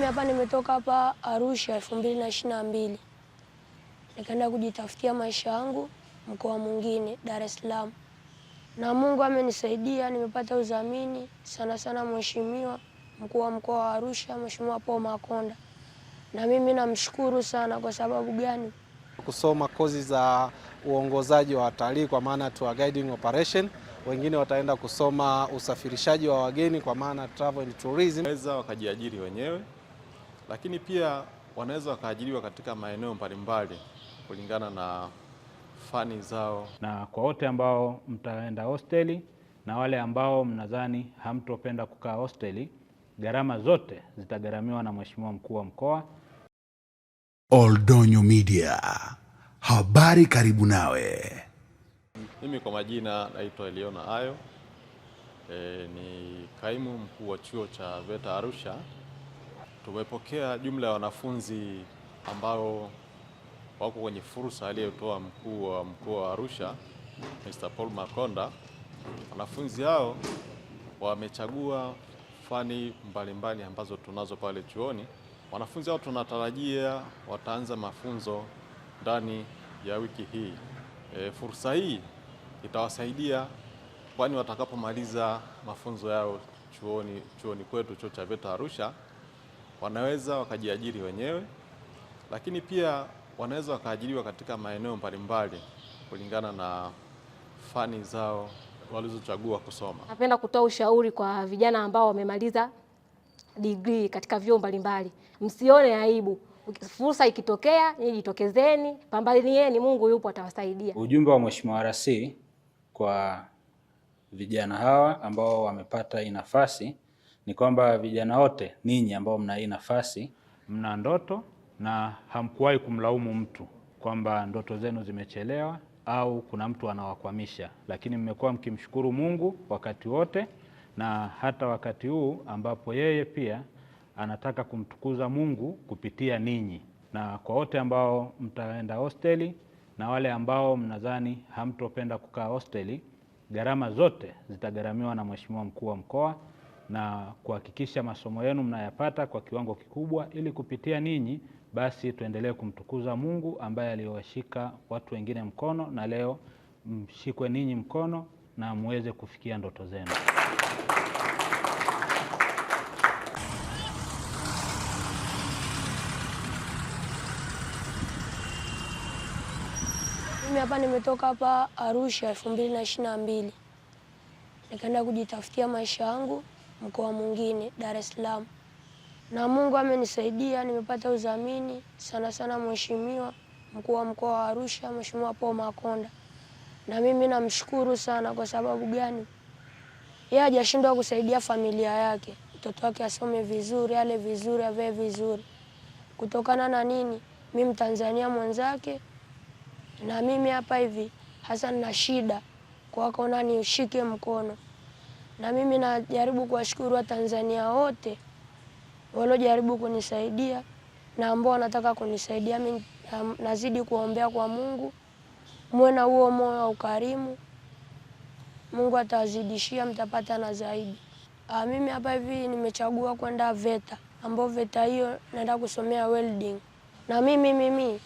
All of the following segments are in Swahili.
Mimi hapa nimetoka hapa Arusha elfu mbili na ishirini na mbili nikaenda kujitafutia maisha yangu mkoa mwingine Dar es Salaam, na Mungu amenisaidia, nimepata udhamini sana sana, mheshimiwa mkuu wa mkoa wa Arusha, Mheshimiwa Paul Makonda, na mimi namshukuru sana. Kwa sababu gani? Kusoma kozi za uongozaji wa watalii kwa maana tour guiding operation, wengine wataenda kusoma usafirishaji wa wageni kwa maana travel and tourism, waweza wakajiajiri wenyewe lakini pia wanaweza wakaajiriwa katika maeneo mbalimbali kulingana na fani zao. Na kwa wote ambao mtaenda hosteli na wale ambao mnadhani hamtopenda kukaa hosteli, gharama zote zitagharamiwa na Mheshimiwa Mkuu wa Mkoa. Oldonyo Media, habari karibu nawe. Mimi kwa majina naitwa Eliona Ayo. E, ni kaimu mkuu wa chuo cha VETA Arusha. Tumepokea jumla ya wanafunzi ambao wako kwenye fursa aliyotoa mkuu wa mkoa wa Arusha Mr. Paul Makonda. Wanafunzi hao wamechagua fani mbalimbali ambazo tunazo pale chuoni. Wanafunzi hao tunatarajia wataanza mafunzo ndani ya wiki hii. E, fursa hii itawasaidia kwani watakapomaliza mafunzo yao chuoni, chuoni kwetu chuo cha VETA Arusha wanaweza wakajiajiri wenyewe, lakini pia wanaweza wakaajiriwa katika maeneo mbalimbali kulingana na fani zao walizochagua kusoma. Napenda kutoa ushauri kwa vijana ambao wamemaliza degree katika vyuo mbalimbali, msione aibu. Fursa ikitokea, nyinyi jitokezeni, pambanieni, Mungu yupo atawasaidia. Ujumbe wa Mheshimiwa RC kwa vijana hawa ambao wamepata hii nafasi ni kwamba vijana wote ninyi ambao mna hii nafasi, mna ndoto na hamkuwahi kumlaumu mtu kwamba ndoto zenu zimechelewa au kuna mtu anawakwamisha, lakini mmekuwa mkimshukuru Mungu wakati wote na hata wakati huu ambapo yeye pia anataka kumtukuza Mungu kupitia ninyi. Na kwa wote ambao mtaenda hosteli na wale ambao mnadhani hamtopenda kukaa hosteli, gharama zote zitagharamiwa na Mheshimiwa Mkuu wa Mkoa na kuhakikisha masomo yenu mnayapata kwa kiwango kikubwa, ili kupitia ninyi basi tuendelee kumtukuza Mungu ambaye aliwashika watu wengine mkono, na leo mshikwe ninyi mkono na muweze kufikia ndoto zenu. Mimi hapa nimetoka hapa Arusha elfu mbili na ishirini na mbili nikaenda kujitafutia maisha yangu mkoa mwingine Dar es Salaam, na Mungu amenisaidia, nimepata udhamini sana sana, mheshimiwa mkuu wa mkoa wa Arusha, Mheshimiwa Paul Makonda, na mimi namshukuru sana. Kwa sababu gani? Yeye hajashindwa kusaidia familia yake, mtoto wake asome vizuri, ale vizuri, avae vizuri, kutokana na nini? Mimi Mtanzania mwenzake, na mimi hapa hivi hasa na shida kwa akaona nishike mkono na mimi najaribu kuwashukuru Watanzania wote waliojaribu kunisaidia na ambao wanataka kunisaidia mimi, nazidi kuombea kwa Mungu, muwe na huo moyo wa ukarimu. Mungu atawazidishia, mtapata na zaidi. Aa, ah, mimi hapa hivi nimechagua kwenda VETA, ambao VETA hiyo naenda kusomea welding, na mimi mimi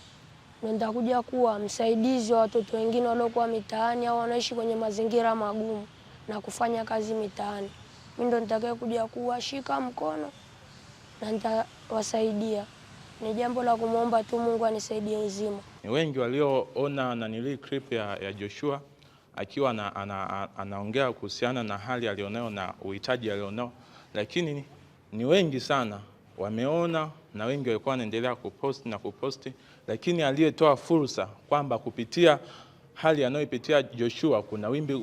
ndo nitakuja kuwa msaidizi wa watoto wengine waliokuwa mitaani au wanaishi kwenye mazingira magumu na kufanya kazi mitaani. Mimi ndo nitakaye kuja kuwashika mkono na nitawasaidia. Ni jambo la kumwomba tu Mungu anisaidie uzima. Ni wengi walioona nanilii clip ya, ya Joshua akiwa ana, ana, anaongea kuhusiana na hali alionao na uhitaji alionao, lakini ni wengi sana wameona na wengi walikuwa wanaendelea kuposti na kuposti, lakini aliyetoa fursa kwamba kupitia hali anayoipitia Joshua, kuna wimbi,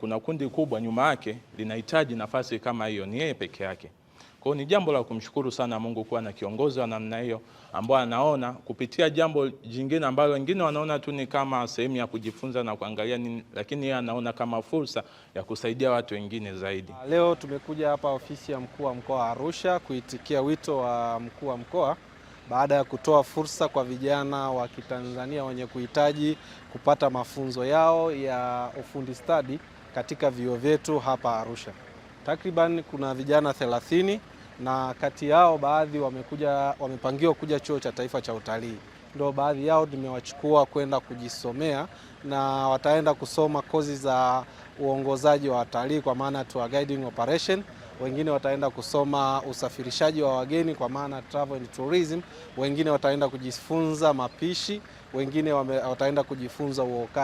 kuna kundi kubwa nyuma yake linahitaji nafasi kama hiyo, ni yeye peke yake. Kwa hiyo ni jambo la kumshukuru sana Mungu kuwa na kiongozi wa namna hiyo ambao anaona kupitia jambo jingine ambalo wengine wanaona tu ni kama sehemu ya kujifunza na kuangalia nini, lakini yeye anaona kama fursa ya kusaidia watu wengine zaidi. Leo tumekuja hapa ofisi ya mkuu wa mkoa wa Arusha kuitikia wito wa mkuu wa mkoa baada ya kutoa fursa kwa vijana wa Kitanzania wenye kuhitaji kupata mafunzo yao ya ufundi stadi katika vyuo vyetu hapa Arusha. Takriban kuna vijana 30 na kati yao baadhi wamekuja, wamepangiwa kuja Chuo cha Taifa cha Utalii, ndio baadhi yao nimewachukua kwenda kujisomea, na wataenda kusoma kozi za uongozaji wa watalii kwa maana tour guiding operation wengine wataenda kusoma usafirishaji wa wageni kwa maana travel and tourism, wengine wataenda kujifunza mapishi, wengine wataenda kujifunza uokaji.